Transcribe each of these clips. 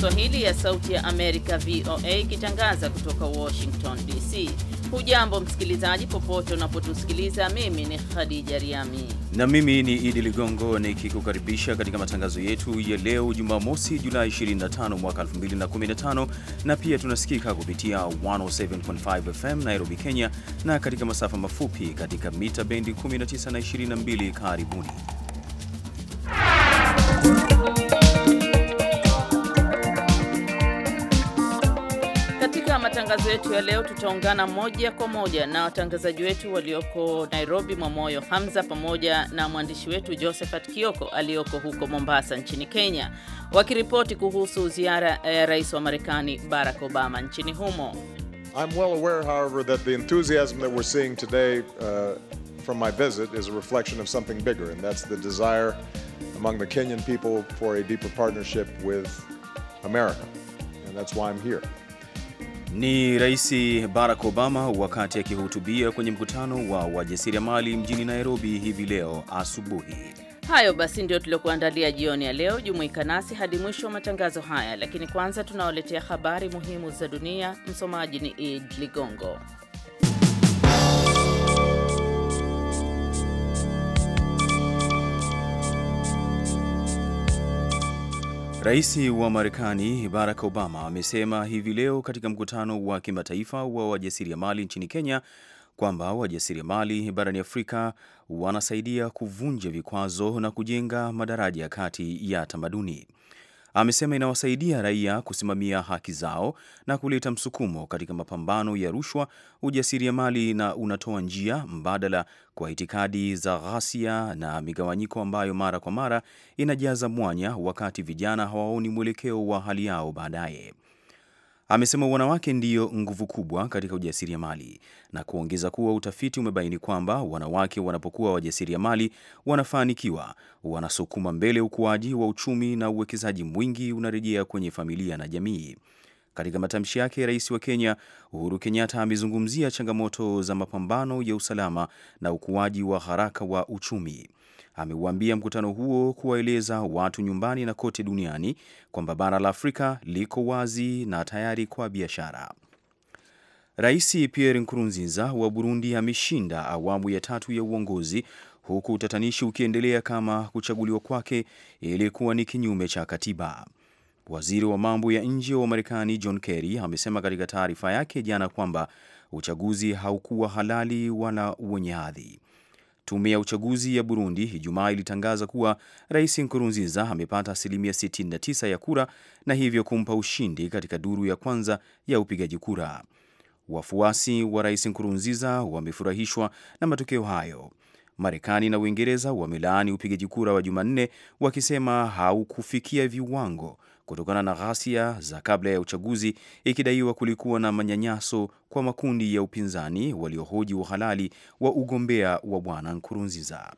Kiswahili ya Sauti ya Amerika, VOA, ikitangaza kutoka Washington DC. Hujambo msikilizaji, popote unapotusikiliza. Mimi ni Khadija Riami na mimi ni Idi Ligongo nikikukaribisha katika matangazo yetu ya leo Jumamosi, Julai 25 mwaka 2015, na pia tunasikika kupitia 107.5 FM Nairobi, Kenya, na katika masafa mafupi katika mita bendi 19 na 22. Karibuni. matangazo yetu ya leo tutaungana moja kwa moja na watangazaji wetu walioko Nairobi, Mwamoyo Hamza, pamoja na mwandishi wetu Josephat Kioko aliyoko huko Mombasa nchini Kenya, wakiripoti kuhusu ziara ya rais wa Marekani Barack Obama nchini humo. I'm well aware, however, that the enthusiasm that we're seeing today uh, from my visit is a reflection of something bigger, and that's the desire among the Kenyan people for a deeper partnership with America. And that's why I'm here. Ni Rais Barack Obama wakati akihutubia kwenye mkutano wa wajasiriamali mjini Nairobi hivi leo asubuhi. Hayo basi ndio tuliokuandalia jioni ya leo. Jumuika nasi hadi mwisho wa matangazo haya, lakini kwanza tunawaletea habari muhimu za dunia. Msomaji ni Id Ligongo. Rais wa Marekani Barack Obama amesema hivi leo katika mkutano wa kimataifa wa wajasiriamali nchini Kenya kwamba wajasiriamali barani Afrika wanasaidia kuvunja vikwazo na kujenga madaraja kati ya tamaduni amesema inawasaidia raia kusimamia haki zao na kuleta msukumo katika mapambano ya rushwa, ujasiriamali na unatoa njia mbadala kwa itikadi za ghasia na migawanyiko ambayo mara kwa mara inajaza mwanya wakati vijana hawaoni mwelekeo wa hali yao baadaye. Amesema wanawake ndiyo nguvu kubwa katika ujasiriamali na kuongeza kuwa utafiti umebaini kwamba wanawake wanapokuwa wajasiriamali wanafanikiwa, wanasukuma mbele ukuaji wa uchumi na uwekezaji mwingi unarejea kwenye familia na jamii. Katika matamshi yake, rais wa Kenya Uhuru Kenyatta amezungumzia changamoto za mapambano ya usalama na ukuaji wa haraka wa uchumi ameuambia mkutano huo kuwaeleza watu nyumbani na kote duniani kwamba bara la Afrika liko wazi na tayari kwa biashara. Rais Pierre Nkurunziza wa Burundi ameshinda awamu ya tatu ya uongozi huku utatanishi ukiendelea kama kuchaguliwa kwake ilikuwa ni kinyume cha katiba. Waziri wa mambo ya nje wa Marekani John Kerry amesema katika taarifa yake jana kwamba uchaguzi haukuwa halali wala wenye hadhi. Tume ya uchaguzi ya Burundi Ijumaa ilitangaza kuwa Rais Nkurunziza amepata asilimia 69 ya kura na hivyo kumpa ushindi katika duru ya kwanza ya upigaji kura. Wafuasi wa Rais Nkurunziza wamefurahishwa na matokeo hayo. Marekani na Uingereza wamelaani upigaji kura wa Jumanne wakisema haukufikia viwango kutokana na ghasia za kabla ya uchaguzi, ikidaiwa kulikuwa na manyanyaso kwa makundi ya upinzani waliohoji uhalali wa ugombea wa Bwana Nkurunziza.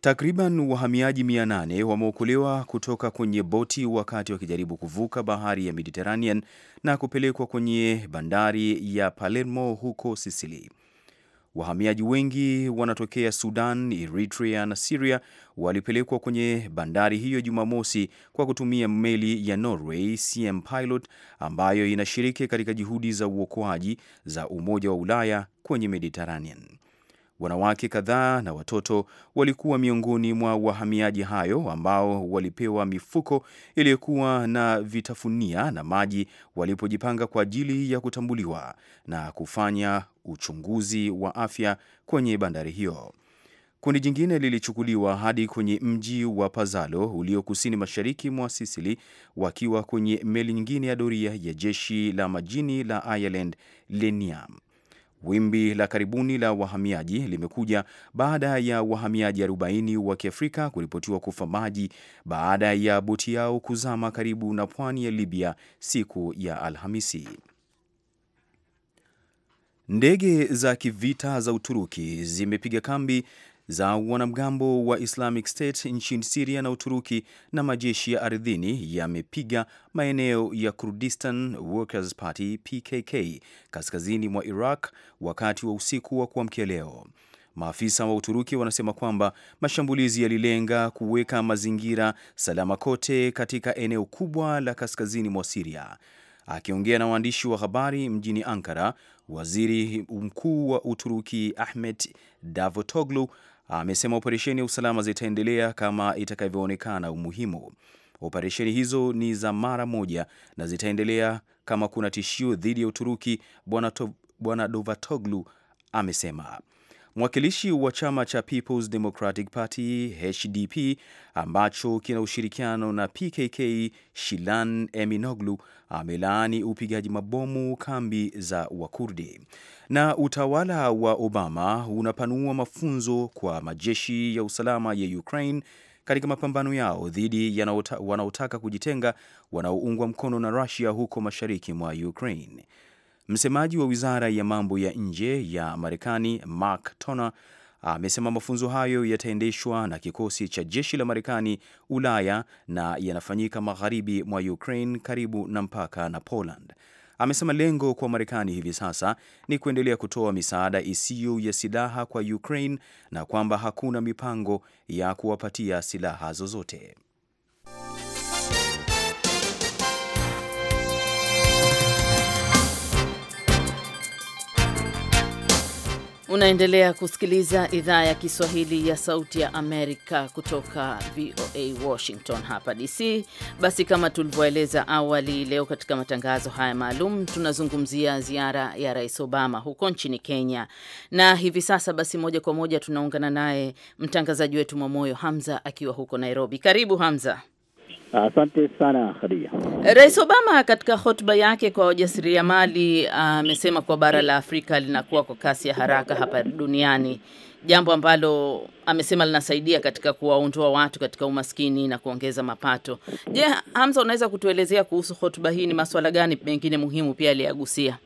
Takriban wahamiaji 800 wameokolewa kutoka kwenye boti wakati wakijaribu kuvuka bahari ya Mediterranean na kupelekwa kwenye bandari ya Palermo huko Sisili. Wahamiaji wengi wanatokea Sudan, Eritrea na Siria walipelekwa kwenye bandari hiyo Jumamosi kwa kutumia meli ya Norway CM Pilot ambayo inashiriki katika juhudi za uokoaji za Umoja wa Ulaya kwenye Mediterranean. Wanawake kadhaa na watoto walikuwa miongoni mwa wahamiaji hayo ambao walipewa mifuko iliyokuwa na vitafunia na maji walipojipanga kwa ajili ya kutambuliwa na kufanya uchunguzi wa afya kwenye bandari hiyo. Kundi jingine lilichukuliwa hadi kwenye mji wa Pazalo ulio kusini mashariki mwa Sisili, wakiwa kwenye meli nyingine ya doria ya jeshi la majini la Ireland Leniam. Wimbi la karibuni la wahamiaji limekuja baada ya wahamiaji 40 wa Kiafrika kuripotiwa kufa maji baada ya boti yao kuzama karibu na pwani ya Libya siku ya Alhamisi. Ndege za kivita za Uturuki zimepiga kambi za wanamgambo wa Islamic State nchini Siria na Uturuki na majeshi ya ardhini yamepiga maeneo ya Kurdistan Workers Party PKK kaskazini mwa Iraq wakati wa usiku wa kuamkia leo. Maafisa wa Uturuki wanasema kwamba mashambulizi yalilenga kuweka mazingira salama kote katika eneo kubwa la kaskazini mwa Siria. Akiongea na waandishi wa habari mjini Ankara, Waziri Mkuu wa Uturuki Ahmet Davutoglu amesema operesheni ya usalama zitaendelea kama itakavyoonekana umuhimu. Operesheni hizo ni za mara moja na zitaendelea kama kuna tishio dhidi ya Uturuki, Bwana Davutoglu amesema. Mwakilishi wa chama cha People's Democratic Party HDP ambacho kina ushirikiano na PKK Shilan Eminoglu amelaani upigaji mabomu kambi za Wakurdi. Na utawala wa Obama unapanua mafunzo kwa majeshi ya usalama ya Ukraine katika mapambano yao dhidi ya wanaotaka kujitenga wanaoungwa mkono na Russia huko mashariki mwa Ukraine. Msemaji wa wizara ya mambo ya nje ya Marekani Mark Toner amesema mafunzo hayo yataendeshwa na kikosi cha jeshi la Marekani Ulaya na yanafanyika magharibi mwa Ukraine karibu na mpaka na Poland. Amesema lengo kwa Marekani hivi sasa ni kuendelea kutoa misaada isiyo ya silaha kwa Ukraine na kwamba hakuna mipango ya kuwapatia silaha zozote. Unaendelea kusikiliza idhaa ya Kiswahili ya Sauti ya Amerika kutoka VOA Washington hapa DC. Basi kama tulivyoeleza awali, leo katika matangazo haya maalum tunazungumzia ziara ya Rais Obama huko nchini Kenya, na hivi sasa basi moja kwa moja tunaungana naye mtangazaji wetu Mwamoyo Hamza akiwa huko Nairobi. Karibu Hamza. Asante sana Khadija. Rais Obama katika hotuba yake kwa wajasiriamali ah, amesema uh, kuwa bara la Afrika linakuwa kwa kasi ya haraka hapa duniani, jambo ambalo amesema linasaidia katika kuwaondoa watu katika umaskini na kuongeza mapato. Je, Hamza, unaweza kutuelezea kuhusu hotuba hii, ni masuala gani mengine muhimu pia aliyagusia?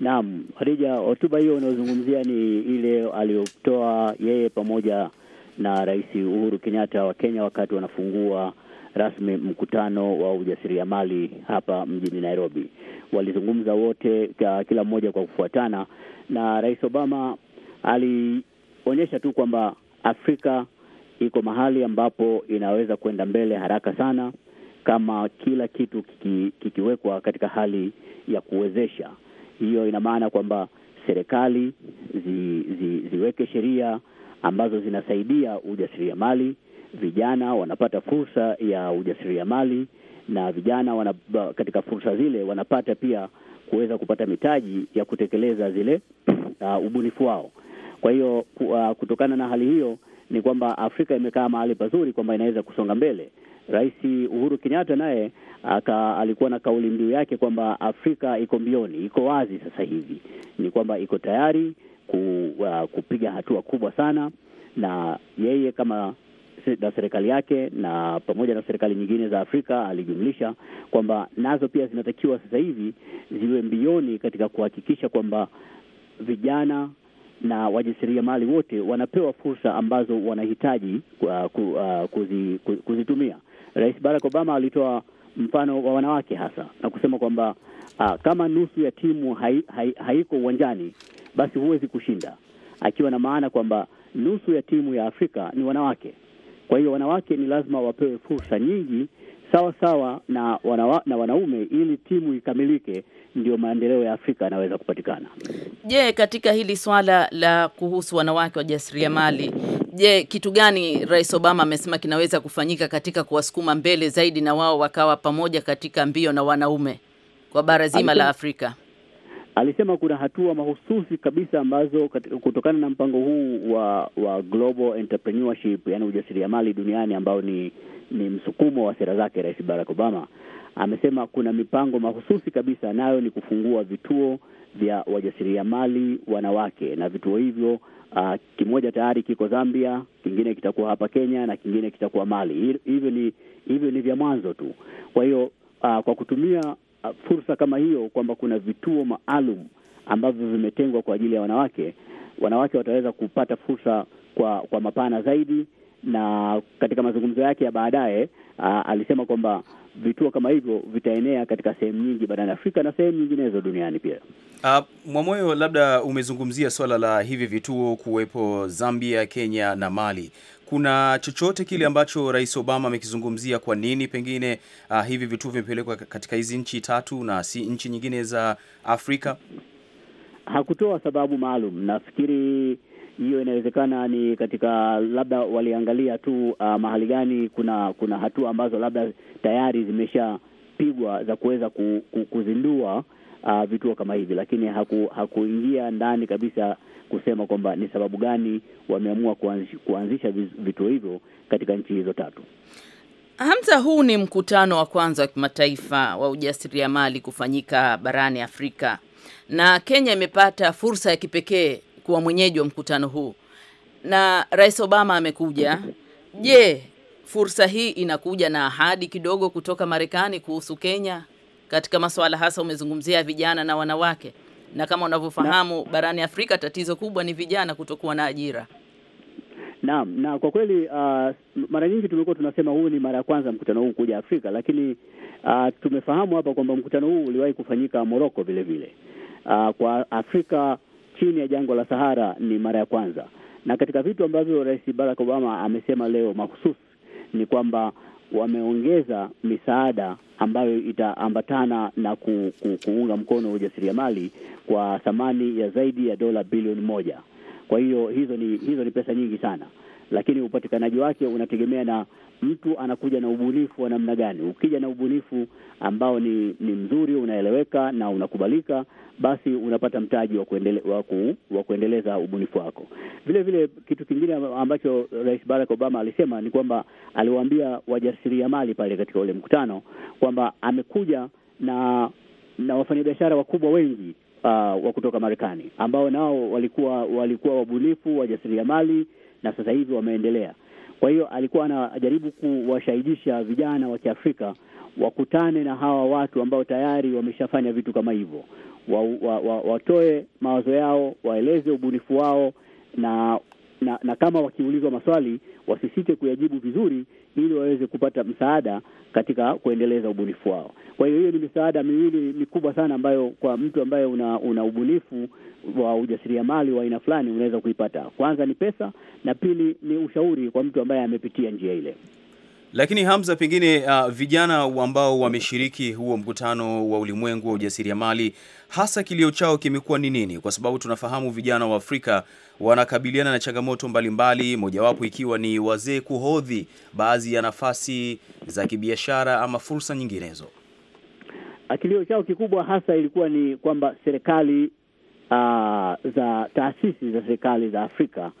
Naam Khadija, hotuba hiyo unayozungumzia ni ile aliyotoa yeye pamoja na Rais Uhuru Kenyatta wa Kenya wakati wanafungua rasmi mkutano wa ujasiriamali hapa mjini Nairobi. Walizungumza wote, kila mmoja kwa kufuatana, na Rais Obama alionyesha tu kwamba Afrika iko mahali ambapo inaweza kwenda mbele haraka sana kama kila kitu kiki, kikiwekwa katika hali ya kuwezesha. Hiyo ina maana kwamba serikali zi, zi, ziweke sheria ambazo zinasaidia ujasiriamali vijana wanapata fursa ya ujasiriamali na vijana wana, katika fursa zile wanapata pia kuweza kupata mitaji ya kutekeleza zile uh, ubunifu wao. Kwa hiyo uh, kutokana na hali hiyo ni kwamba Afrika imekaa mahali pazuri kwamba inaweza kusonga mbele. Rais Uhuru Kenyatta naye alikuwa na kauli mbiu yake kwamba Afrika iko mbioni, iko wazi sasa hivi, ni kwamba iko tayari ku, uh, kupiga hatua kubwa sana, na yeye kama na serikali yake na pamoja na serikali nyingine za Afrika alijumlisha kwamba nazo pia zinatakiwa sasa hivi ziwe mbioni katika kuhakikisha kwamba vijana na wajasiriamali wote wanapewa fursa ambazo wanahitaji uh, ku, uh, kuzi, kuzitumia. Rais Barack Obama alitoa mfano wa wanawake hasa na kusema kwamba uh, kama nusu ya timu hai, hai, haiko uwanjani basi huwezi kushinda, akiwa na maana kwamba nusu ya timu ya Afrika ni wanawake kwa hiyo wanawake ni lazima wapewe fursa nyingi sawa sawa na, wanawa, na wanaume ili timu ikamilike, ndio maendeleo ya Afrika yanaweza kupatikana. Je, katika hili swala la kuhusu wanawake wajasiriamali, je, kitu gani Rais Obama amesema kinaweza kufanyika katika kuwasukuma mbele zaidi na wao wakawa pamoja katika mbio na wanaume kwa bara zima la Afrika? Alisema kuna hatua mahususi kabisa ambazo kutokana na mpango huu wa wa Global Entrepreneurship, yani ujasiriamali duniani ambao ni, ni msukumo wa sera zake Rais Barack Obama. Amesema kuna mipango mahususi kabisa, nayo ni kufungua vituo vya wajasiriamali wanawake na vituo hivyo Uh, kimoja tayari kiko Zambia, kingine kitakuwa hapa Kenya na kingine kitakuwa Mali. Hivyo ni hivyo ni vya mwanzo tu. Kwa hiyo uh, kwa kutumia Ah, fursa kama hiyo kwamba kuna vituo maalum ambavyo vimetengwa kwa ajili ya wanawake. Wanawake wataweza kupata fursa kwa, kwa mapana zaidi na katika mazungumzo yake ya baadaye alisema kwamba vituo kama hivyo vitaenea katika sehemu nyingi barani Afrika na sehemu nyinginezo duniani pia. Uh, Mwamoyo, labda umezungumzia swala la hivi vituo kuwepo Zambia, Kenya na Mali. Kuna chochote kile ambacho Rais Obama amekizungumzia, kwa nini pengine uh, hivi vituo vimepelekwa katika hizi nchi tatu na si nchi nyingine za Afrika? Hakutoa sababu maalum, nafikiri hiyo inawezekana ni katika labda waliangalia tu uh, mahali gani kuna kuna hatua ambazo labda tayari zimeshapigwa za kuweza ku, ku, kuzindua uh, vituo kama hivi, lakini haku, hakuingia ndani kabisa kusema kwamba ni sababu gani wameamua kuanzisha, kuanzisha vituo hivyo katika nchi hizo tatu. Hamza, huu ni mkutano wa kwanza wa kimataifa wa ujasiriamali kufanyika barani Afrika na Kenya imepata fursa ya kipekee kuwa mwenyeji wa mkutano huu na Rais Obama amekuja. Je, fursa hii inakuja na ahadi kidogo kutoka Marekani kuhusu Kenya katika masuala hasa umezungumzia vijana na wanawake, na kama unavyofahamu barani Afrika tatizo kubwa ni vijana kutokuwa na ajira. Naam, na kwa kweli uh, mara nyingi tumekuwa tunasema huu ni mara ya kwanza mkutano huu kuja Afrika, lakini uh, tumefahamu hapa kwamba mkutano huu uliwahi kufanyika Morocco vile vile. Uh, kwa Afrika chini ya jangwa la Sahara ni mara ya kwanza. Na katika vitu ambavyo Rais Barack Obama amesema leo mahususi ni kwamba wameongeza misaada ambayo itaambatana na ku, ku, kuunga mkono ujasiriamali kwa thamani ya zaidi ya dola bilioni moja. Kwa hiyo hizo ni hizo ni pesa nyingi sana, lakini upatikanaji wake unategemea na mtu anakuja na ubunifu wa namna gani. Ukija na ubunifu ambao ni, ni mzuri, unaeleweka na unakubalika, basi unapata mtaji wa, kuendele, wa, ku, wa kuendeleza ubunifu wako. Vile vile kitu kingine ambacho Rais Barack Obama alisema ni kwamba aliwaambia wajasiriamali pale katika ule mkutano kwamba amekuja na na wafanyabiashara wakubwa wengi uh, wa kutoka Marekani ambao nao walikuwa walikuwa wabunifu wajasiriamali na sasa hivi wameendelea. Kwa hiyo alikuwa anajaribu kuwashahidisha vijana wa Kiafrika wakutane na hawa watu ambao tayari wameshafanya vitu kama hivyo, wa, wa, wa, watoe mawazo yao, waeleze ubunifu wao na na, na kama wakiulizwa maswali wasisite kuyajibu vizuri, ili waweze kupata msaada katika kuendeleza ubunifu wao. Kwa hiyo hiyo ni misaada miwili mikubwa sana ambayo kwa mtu ambaye una, una ubunifu wa ujasiriamali wa aina fulani unaweza kuipata. Kwanza ni pesa na pili ni ushauri kwa mtu ambaye amepitia njia ile. Lakini Hamza, pengine uh, vijana ambao wameshiriki huo mkutano wa ulimwengu wa ujasiriamali, hasa kilio chao kimekuwa ni nini? Kwa sababu tunafahamu vijana wa Afrika wanakabiliana na changamoto mbalimbali, mojawapo ikiwa ni wazee kuhodhi baadhi ya nafasi za kibiashara ama fursa nyinginezo. Ah, kilio chao kikubwa hasa ilikuwa ni kwamba serikali uh, za taasisi za serikali za Afrika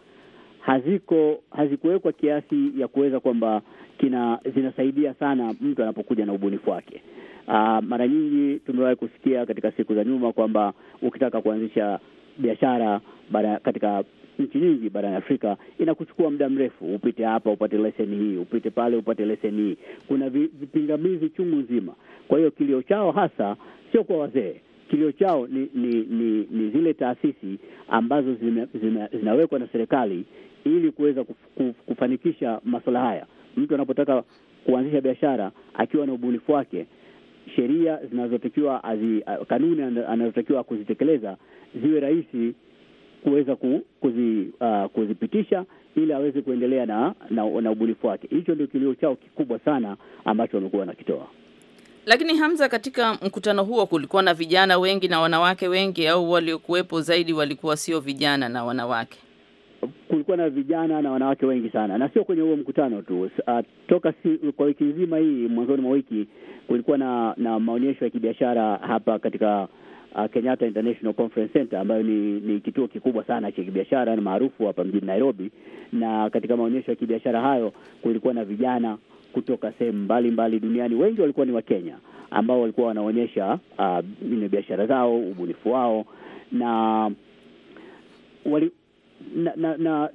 haziko hazikuwekwa kiasi ya kuweza kwamba kina zinasaidia sana mtu anapokuja na ubunifu wake. Uh, mara nyingi tumewahi kusikia katika siku za nyuma kwamba ukitaka kuanzisha biashara bara katika nchi nyingi barani Afrika inakuchukua muda mrefu, upite hapa upate leseni hii, upite pale upate leseni hii. Kuna vipingamizi chungu nzima. Kwa hiyo kilio chao hasa sio kwa wazee, kilio chao ni ni, ni, ni zile taasisi ambazo zina, zina, zinawekwa na serikali ili kuweza kuf, kufanikisha masuala haya. Mtu anapotaka kuanzisha biashara akiwa na ubunifu wake, sheria zinazotakiwa azi, kanuni anazotakiwa kuzitekeleza ziwe rahisi kuweza kuzi, uh, kuzipitisha ili aweze kuendelea na, na, na ubunifu wake. Hicho ndio kilio chao kikubwa sana ambacho wamekuwa wanakitoa. Lakini Hamza, katika mkutano huo kulikuwa na vijana wengi na wanawake wengi, au waliokuwepo zaidi walikuwa sio vijana na wanawake? kulikuwa na vijana na wanawake wengi sana, na sio kwenye huo mkutano tu. Uh, toka si, kwa wiki nzima hii, mwanzoni mwa wiki kulikuwa na na maonyesho ya kibiashara hapa katika uh, Kenyatta International Conference Center ambayo ni, ni kituo kikubwa sana cha kibiashara na maarufu hapa mjini Nairobi. Na katika maonyesho ya kibiashara hayo kulikuwa na vijana kutoka sehemu mbalimbali duniani. Wengi walikuwa ni Wakenya ambao walikuwa wanaonyesha uh, biashara zao, ubunifu wao na wali, na, na, na,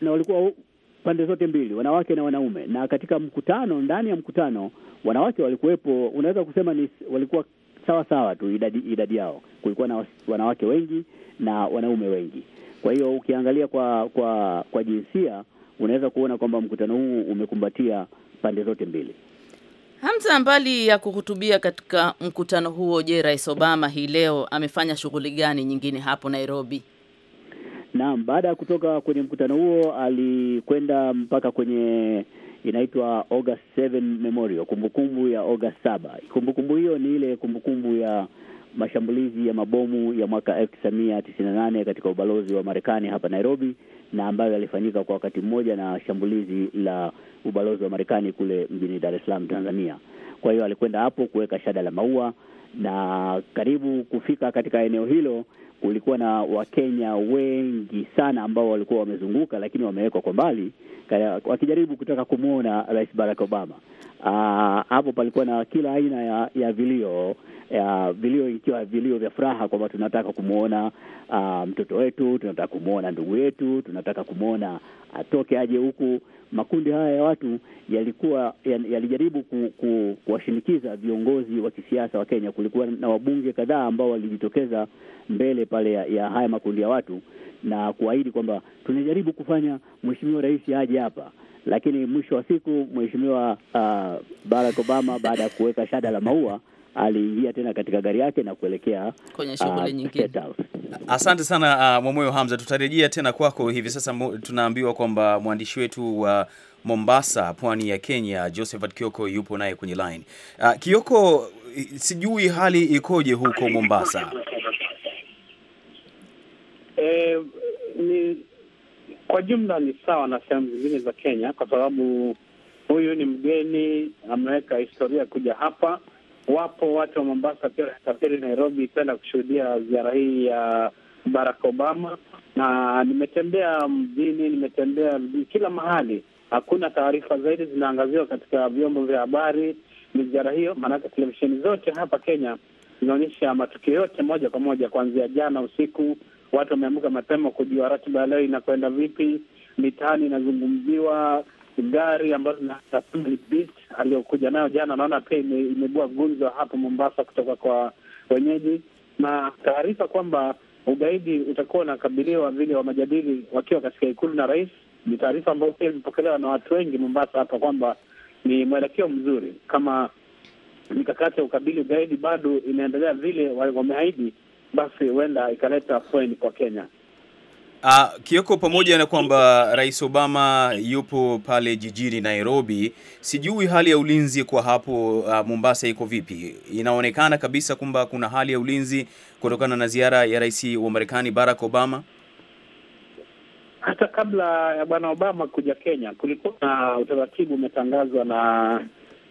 na walikuwa pande zote mbili, wanawake na wanaume. Na katika mkutano, ndani ya mkutano, wanawake walikuwepo, unaweza kusema ni walikuwa sawa sawa tu idadi, idadi yao. Kulikuwa na wanawake wengi na wanaume wengi. Kwa hiyo ukiangalia kwa kwa kwa jinsia unaweza kuona kwamba mkutano huu umekumbatia pande zote mbili. Hamza, mbali ya kuhutubia katika mkutano huo, je, Rais Obama hii leo amefanya shughuli gani nyingine hapo Nairobi? Naam, baada ya kutoka kwenye mkutano huo alikwenda mpaka kwenye inaitwa August 7 Memorial, kumbukumbu ya August saba. Kumbukumbu hiyo ni ile kumbukumbu ya mashambulizi ya mabomu ya mwaka elfu tisa mia tisini na nane katika ubalozi wa Marekani hapa Nairobi, na ambayo yalifanyika kwa wakati mmoja na shambulizi la ubalozi wa Marekani kule mjini Dar es Salaam, Tanzania. Kwa hiyo alikwenda hapo kuweka shada la maua, na karibu kufika katika eneo hilo kulikuwa na Wakenya wengi sana ambao walikuwa wamezunguka, lakini wamewekwa kwa mbali wakijaribu kutaka kumwona Rais Barack Obama. Ah, hapo palikuwa na kila aina ya, ya vilio ya vilio, ikiwa vilio vya furaha kwamba tunataka kumwona ah, mtoto wetu, tunataka kumwona ndugu yetu, tunataka kumwona atoke aje huku. Makundi haya ya watu yalikuwa yalijaribu ku, ku, kuwashinikiza viongozi wa kisiasa wa Kenya. Kulikuwa na wabunge kadhaa ambao walijitokeza mbele pale ya, ya haya makundi ya watu na kuahidi kwamba tunajaribu kufanya mheshimiwa rais aje hapa, lakini mwisho wa siku mheshimiwa uh, Barack Obama baada ya kuweka shada la maua aliingia tena katika gari yake na kuelekea kwenye shughuli uh, nyingine. Asante sana uh, Mwamoyo Hamza, tutarejea tena kwako hivi sasa. Tunaambiwa kwamba mwandishi wetu wa uh, Mombasa, pwani ya Kenya, Josephat Kioko yupo naye kwenye line. Uh, Kioko, sijui hali ikoje huko Mombasa? e, ni kwa jumla ni sawa na sehemu zingine za Kenya, kwa sababu huyu ni mgeni, ameweka historia kuja hapa. Wapo watu wa Mombasa pia wanasafiri Nairobi kwenda kushuhudia ziara hii ya Barack Obama, na nimetembea mjini, nimetembea mjini, kila mahali hakuna taarifa zaidi zinaangaziwa katika vyombo vya habari ni ziara hiyo, maanake televisheni zote hapa Kenya zinaonyesha matukio yote moja kwa moja kuanzia jana usiku watu wameamka mapema kujua ratiba ya leo inakwenda vipi. Mitaani inazungumziwa gari ambayo aliyokuja nayo jana, naona pia imebua gunzo hapa Mombasa kutoka kwa wenyeji, na taarifa kwamba ugaidi utakuwa unakabiliwa vile wa majadili wakiwa katika ikulu na rais. Ni taarifa ambayo pia imepokelewa na watu wengi Mombasa hapa kwamba ni mwelekeo mzuri, kama mikakati ya ukabili ugaidi bado inaendelea vile wameahidi basi huenda ikaleta afueni kwa Kenya. Ah, Kioko, pamoja na kwamba Rais Obama yupo pale jijini Nairobi, sijui hali ya ulinzi kwa hapo uh, Mombasa iko vipi? Inaonekana kabisa kwamba kuna hali ya ulinzi kutokana na ziara ya Rais wa Marekani Barack Obama. Hata kabla ya Bwana Obama kuja Kenya, kulikuwa na utaratibu umetangazwa na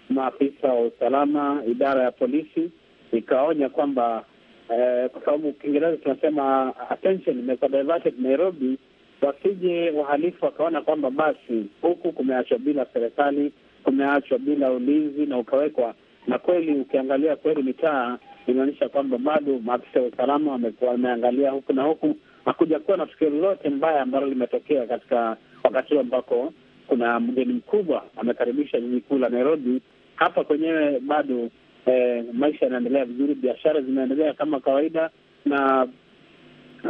maafisa wa usalama, idara ya polisi ikaonya kwamba Eh, kwa sababu Kiingereza tunasema attention imekuwa diverted Nairobi, wasije wahalifu wakaona kwamba basi huku kumeachwa bila serikali, kumeachwa bila ulinzi na ukawekwa. Na kweli ukiangalia kweli mitaa inaonyesha kwamba bado maafisa wa usalama wamekuwa wameangalia huku na huku, hakuja kuwa na tukio lolote mbaya ambalo limetokea katika wakati huo ambako kuna mgeni mkubwa amekaribisha jiji kuu la Nairobi. Hapa kwenyewe bado eh, maisha yanaendelea vizuri, biashara zinaendelea kama kawaida, na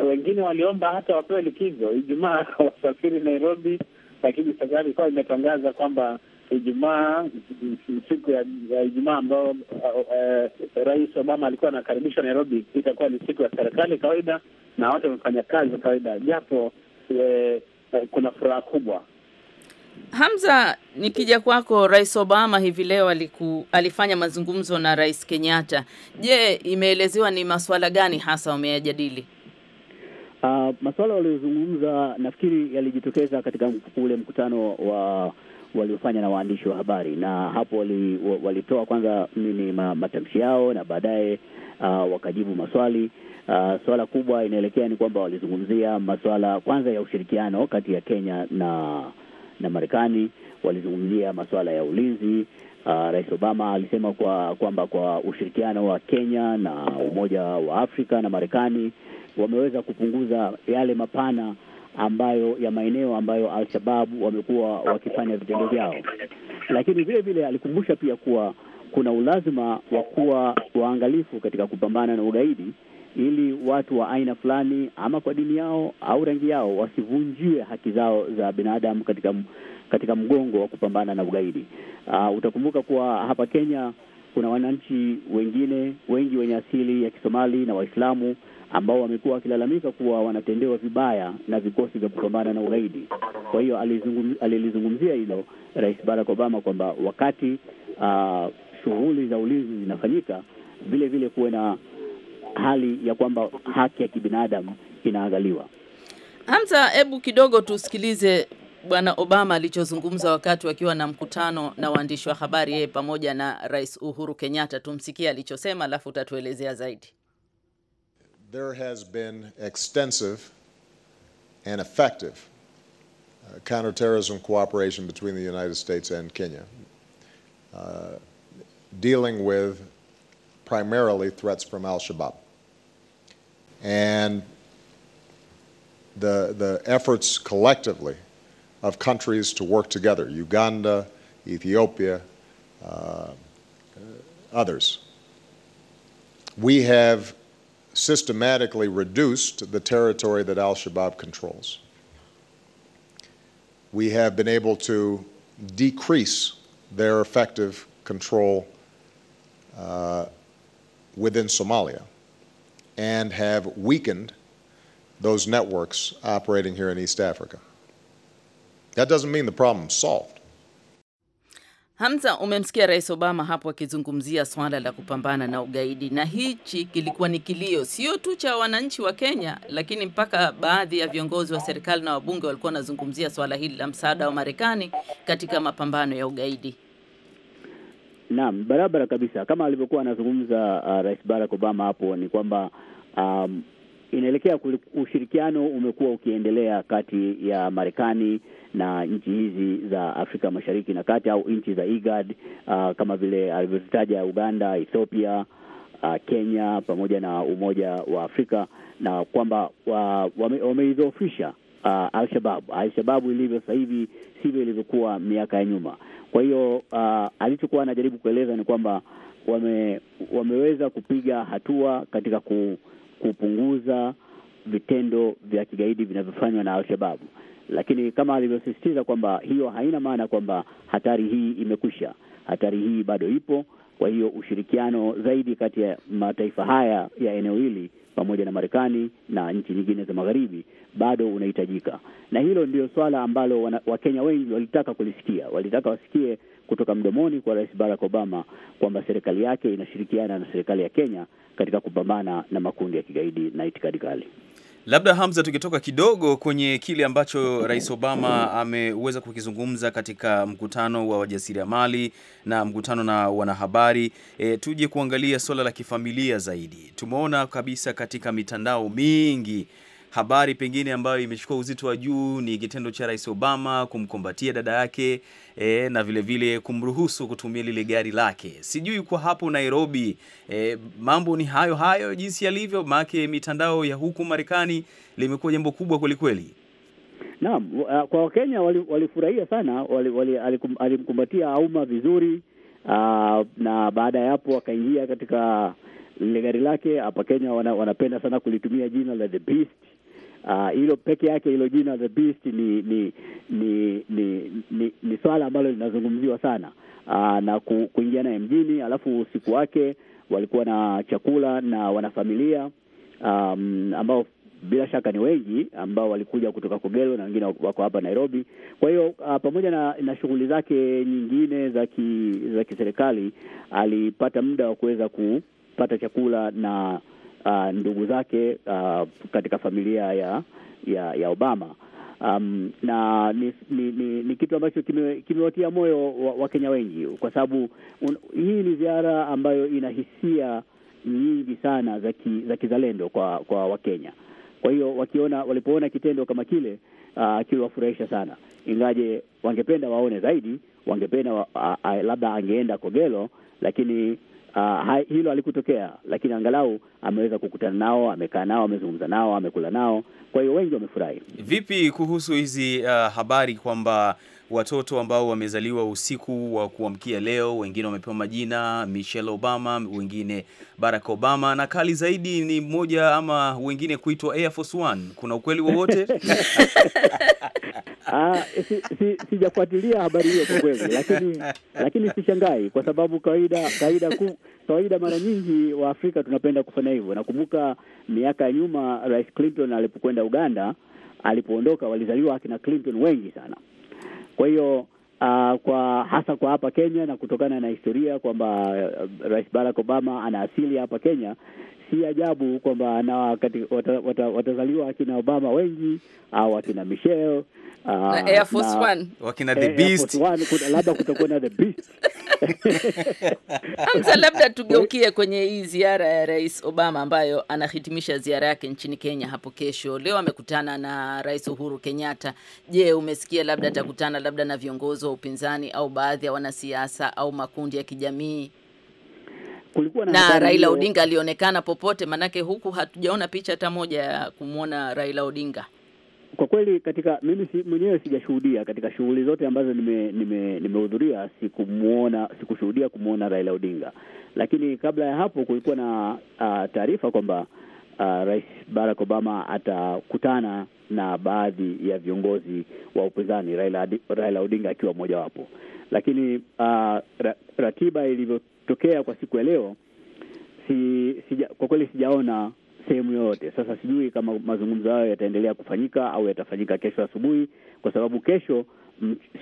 wengine waliomba hata wapewe likizo Ijumaa wasafiri Nairobi, lakini serikali ilikuwa imetangaza kwamba Ijumaa, siku ya, ya Ijumaa ambao eh, Rais Obama alikuwa anakaribishwa Nairobi, itakuwa ni siku ya serikali kawaida na watu wamefanya kazi kawaida, japo eh, kuna furaha kubwa Hamza, nikija kwako, Rais Obama hivi leo aliku, alifanya mazungumzo na Rais Kenyatta. Je, imeelezewa ni masuala gani hasa wameyajadili? Uh, ah, masuala waliozungumza nafikiri yalijitokeza katika ule mkutano wa waliofanya na waandishi wa habari, na hapo walitoa wali kwanza nini matamshi yao na baadaye uh, wakajibu maswali. Uh, swala kubwa inaelekea ni kwamba walizungumzia masuala kwanza ya ushirikiano kati ya Kenya na na Marekani walizungumzia masuala ya ulinzi. Uh, Rais Obama alisema kwa kwamba kwa ushirikiano wa Kenya na Umoja wa Afrika na Marekani wameweza kupunguza yale mapana ambayo ya maeneo ambayo al shababu wamekuwa wakifanya vitendo vyao, lakini vile vile alikumbusha pia kuwa kuna ulazima wa kuwa waangalifu katika kupambana na ugaidi ili watu wa aina fulani ama kwa dini yao au rangi yao wasivunjiwe haki zao za binadamu katika katika mgongo wa kupambana na ugaidi. Uh, utakumbuka kuwa hapa Kenya kuna wananchi wengine wengi wenye asili ya Kisomali na Waislamu ambao wamekuwa wakilalamika kuwa wanatendewa vibaya na vikosi vya kupambana na ugaidi. Kwa hiyo alilizungumzia hilo Rais Barack Obama kwamba wakati uh, shughuli za ulinzi zinafanyika, vile vile kuwe na hali ya kwamba haki ya kibinadamu inaangaliwa. Hamza, hebu kidogo tusikilize Bwana Obama alichozungumza wakati wakiwa na mkutano na waandishi wa habari, yeye pamoja na Rais Uhuru Kenyatta. Tumsikie alichosema, alafu utatuelezea zaidi. There has been extensive and effective uh, counterterrorism cooperation between the United States and Kenya uh, dealing with primarily threats from Al-Shabaab. and the, the efforts collectively of countries to work together, Uganda, Ethiopia, uh, others. We have systematically reduced the territory that al-Shabaab controls. We have been able to decrease their effective control uh, within Somalia and have weakened those networks operating here in East Africa. That doesn't mean the problem's solved. Hamza, umemsikia Rais Obama hapo akizungumzia swala la kupambana na ugaidi, na hichi kilikuwa ni kilio sio tu cha wananchi wa Kenya, lakini mpaka baadhi ya viongozi wa serikali na wabunge walikuwa wanazungumzia swala hili la msaada wa Marekani katika mapambano ya ugaidi. Naam, barabara kabisa kama alivyokuwa anazungumza uh, Rais Barack Obama hapo ni kwamba um, inaelekea ushirikiano umekuwa ukiendelea kati ya Marekani na nchi hizi za Afrika Mashariki na Kati au nchi za IGAD uh, kama vile alivyozitaja Uganda, Ethiopia, uh, Kenya pamoja na Umoja wa Afrika na kwamba uh, wameidhoofisha uh, Alshababu. Alshababu ilivyo sasa hivi sivyo ilivyokuwa miaka ya nyuma. Kwa hiyo uh, alichokuwa anajaribu kueleza ni kwamba wame, wameweza kupiga hatua katika ku, kupunguza vitendo vya kigaidi vinavyofanywa na Alshababu, lakini kama alivyosisitiza kwamba hiyo haina maana kwamba hatari hii imekwisha. Hatari hii bado ipo. Kwa hiyo ushirikiano zaidi kati ya mataifa haya ya eneo hili pamoja na Marekani na nchi nyingine za magharibi bado unahitajika, na hilo ndio swala ambalo Wakenya wengi walitaka kulisikia, walitaka wasikie kutoka mdomoni kwa Rais Barack Obama kwamba serikali yake inashirikiana na serikali ya Kenya katika kupambana na makundi ya kigaidi na itikadi kali. Labda Hamza, tukitoka kidogo kwenye kile ambacho Rais Obama ameweza kukizungumza katika mkutano wa wajasiriamali na mkutano na wanahabari e, tuje kuangalia suala la kifamilia zaidi. Tumeona kabisa katika mitandao mingi habari pengine ambayo imechukua uzito wa juu ni kitendo cha Rais Obama kumkumbatia dada yake e, na vilevile vile kumruhusu kutumia lile gari lake. Sijui kwa hapo Nairobi e, mambo ni hayo hayo jinsi yalivyo, maanake mitandao ya huku Marekani limekuwa jambo kubwa kwelikweli. Naam, uh, kwa Wakenya walifurahia wali sana wali, wali, alikum, alimkumbatia Auma vizuri aa, uh, na baada ya hapo akaingia katika lile gari lake. Hapa Kenya wana, wanapenda sana kulitumia jina la The Beast Ah, hilo uh, peke yake hilo jina the beast ni ni ni ni, ni, ni swala ambalo linazungumziwa sana uh, na ku, kuingia naye mjini, alafu usiku wake walikuwa na chakula na wanafamilia um, ambao bila shaka ni wengi ambao walikuja kutoka Kogelo na wengine wako hapa Nairobi. Kwa hiyo uh, pamoja na, na shughuli zake nyingine za ki, za kiserikali alipata muda wa kuweza kupata chakula na uh, ndugu zake uh, katika familia ya ya, ya Obama. Um, na ni, ni, ni, ni kitu ambacho kimewatia kime moyo Wakenya wa wengi kwa sababu hii ni ziara ambayo ina hisia nyingi sana za za kizalendo kwa kwa Wakenya. Kwa hiyo wakiona walipoona kitendo kama kile uh, kiliwafurahisha sana, ingaje wangependa waone zaidi, wangependa wa, uh, uh, labda angeenda Kogelo, lakini uh, hilo alikutokea, lakini angalau ameweza kukutana nao, amekaa nao, amezungumza nao, amekula nao. Kwa hiyo wengi wamefurahi. Vipi kuhusu hizi uh, habari kwamba watoto ambao wamezaliwa usiku wa kuamkia leo, wengine wamepewa majina Michelle Obama, wengine Barack Obama, na kali zaidi ni mmoja ama wengine kuitwa Air Force One. Kuna ukweli wowote? Ah, sijafuatilia si, si habari hiyo kwa kweli, lakini lakini sishangai kwa sababu kawaida kawaida ku, kawaida mara nyingi wa Afrika tunapenda kufanya hivyo. Nakumbuka miaka ya nyuma Rais Clinton alipokwenda Uganda, alipoondoka walizaliwa akina Clinton wengi sana kwa hiyo uh, kwa hasa kwa hapa Kenya na kutokana na historia kwamba uh, Rais Barack Obama ana asili hapa Kenya, si ajabu kwamba na wakati watazaliwa wakina Obama wengi au ah, akina Michelle ah, na Air Force One wakina The Beast, labda kutakuwa na The Beast. Hamza, labda tugeukie kwenye hii ziara ya Rais Obama ambayo anahitimisha ziara yake nchini Kenya hapo kesho. Leo amekutana na Rais Uhuru Kenyatta. Je, umesikia labda atakutana labda na viongozi wa upinzani au baadhi ya wanasiasa au makundi ya kijamii? kulikuwa na, na Raila Odinga alionekana popote? Manake huku hatujaona picha hata moja ya kumwona Raila Odinga. Kwa kweli katika mimi si, mwenyewe sijashuhudia katika shughuli zote ambazo nimehudhuria, nime, nime sikumwona sikushuhudia kumwona Raila Odinga, lakini kabla ya hapo kulikuwa na uh, taarifa kwamba uh, Rais Barack Obama atakutana na baadhi ya viongozi wa upinzani Raila, Raila Odinga akiwa mmojawapo, lakini uh, ra, ratiba ilivyo kilichotokea kwa siku ya leo si, sija, kwa kweli sijaona sehemu yoyote. Sasa sijui kama mazungumzo hayo yataendelea kufanyika au yatafanyika kesho asubuhi, kwa sababu kesho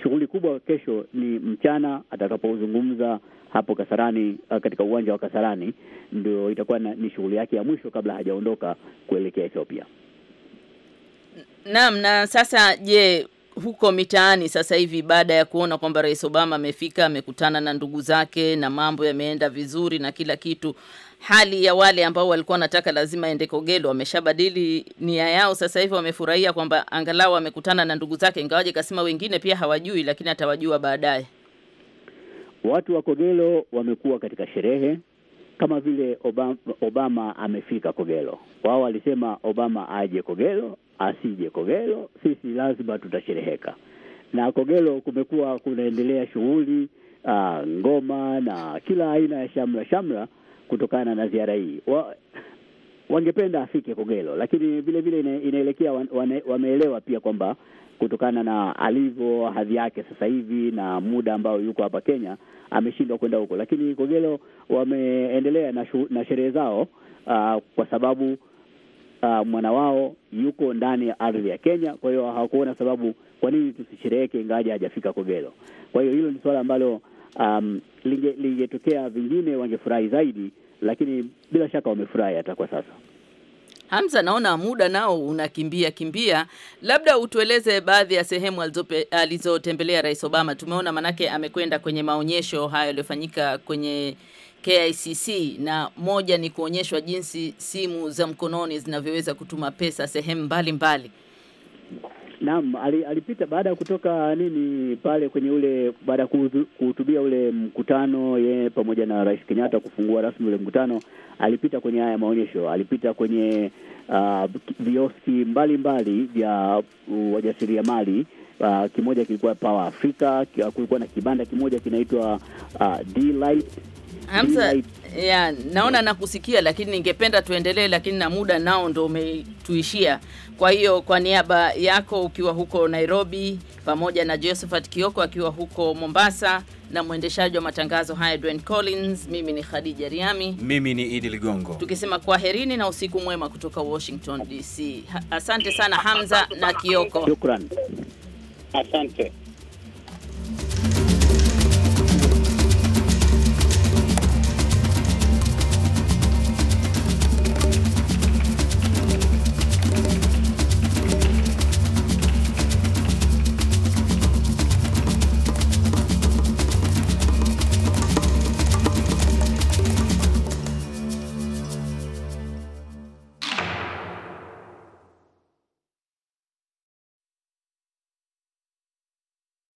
shughuli kubwa kesho ni mchana atakapozungumza hapo Kasarani, katika uwanja wa Kasarani, ndio itakuwa ni shughuli yake ya mwisho kabla hajaondoka kuelekea Ethiopia. Naam, na sasa je, huko mitaani sasa hivi baada ya kuona kwamba Rais Obama amefika, amekutana na ndugu zake na mambo yameenda vizuri na kila kitu, hali ya wale ambao walikuwa wanataka lazima aende Kogelo wameshabadili nia yao. Sasa hivi wamefurahia kwamba angalau amekutana na ndugu zake, ingawaje kasema wengine pia hawajui, lakini atawajua baadaye. Watu wa Kogelo wamekuwa katika sherehe kama vile Obama, Obama amefika Kogelo. Wao walisema Obama aje Kogelo asije Kogelo, sisi lazima tutashereheka. Na Kogelo kumekuwa kunaendelea shughuli uh, ngoma na kila aina ya shamra shamra kutokana na ziara hii wa, wangependa afike Kogelo, lakini vile vile ina, inaelekea wameelewa pia kwamba kutokana na alivyo hadhi yake sasa hivi na muda ambao yuko hapa Kenya ameshindwa kwenda huko, lakini Kogelo wameendelea na, na sherehe zao uh, kwa sababu uh, mwana wao yuko ndani ya ardhi ya Kenya. Kwa hiyo hawakuona sababu kwa nini tusishereheke ingawaje hajafika Kogelo. Kwa hiyo hilo ni suala ambalo um, lingetokea linge, vingine wangefurahi zaidi, lakini bila shaka wamefurahi hata kwa sasa. Hamza, naona muda nao unakimbia kimbia, labda utueleze baadhi ya sehemu alizotembelea Rais Obama. Tumeona manake amekwenda kwenye maonyesho hayo yaliyofanyika kwenye KICC na moja ni kuonyeshwa jinsi simu za mkononi zinavyoweza kutuma pesa sehemu mbalimbali. Naam, alipita baada ya kutoka nini pale kwenye ule baada ya kuhutubia ule mkutano ye pamoja na Rais Kenyatta kufungua rasmi ule mkutano, alipita kwenye haya maonyesho, alipita kwenye uh, vioski mbalimbali vya uh, wajasiriamali uh, kimoja kilikuwa Power Africa, kulikuwa na kibanda kimoja kinaitwa uh, ah, D-Light Hamza, ya, naona nakusikia, lakini ningependa tuendelee, lakini na muda nao ndo umetuishia. Kwa hiyo kwa niaba yako ukiwa huko Nairobi, pamoja na Josephat Kioko akiwa huko Mombasa, na mwendeshaji wa matangazo haya Dwayne Collins, mimi ni Khadija Riami, mimi ni Idi Ligongo, tukisema kwaherini na usiku mwema kutoka Washington DC. Asante sana Hamza na Kioko, shukran, asante.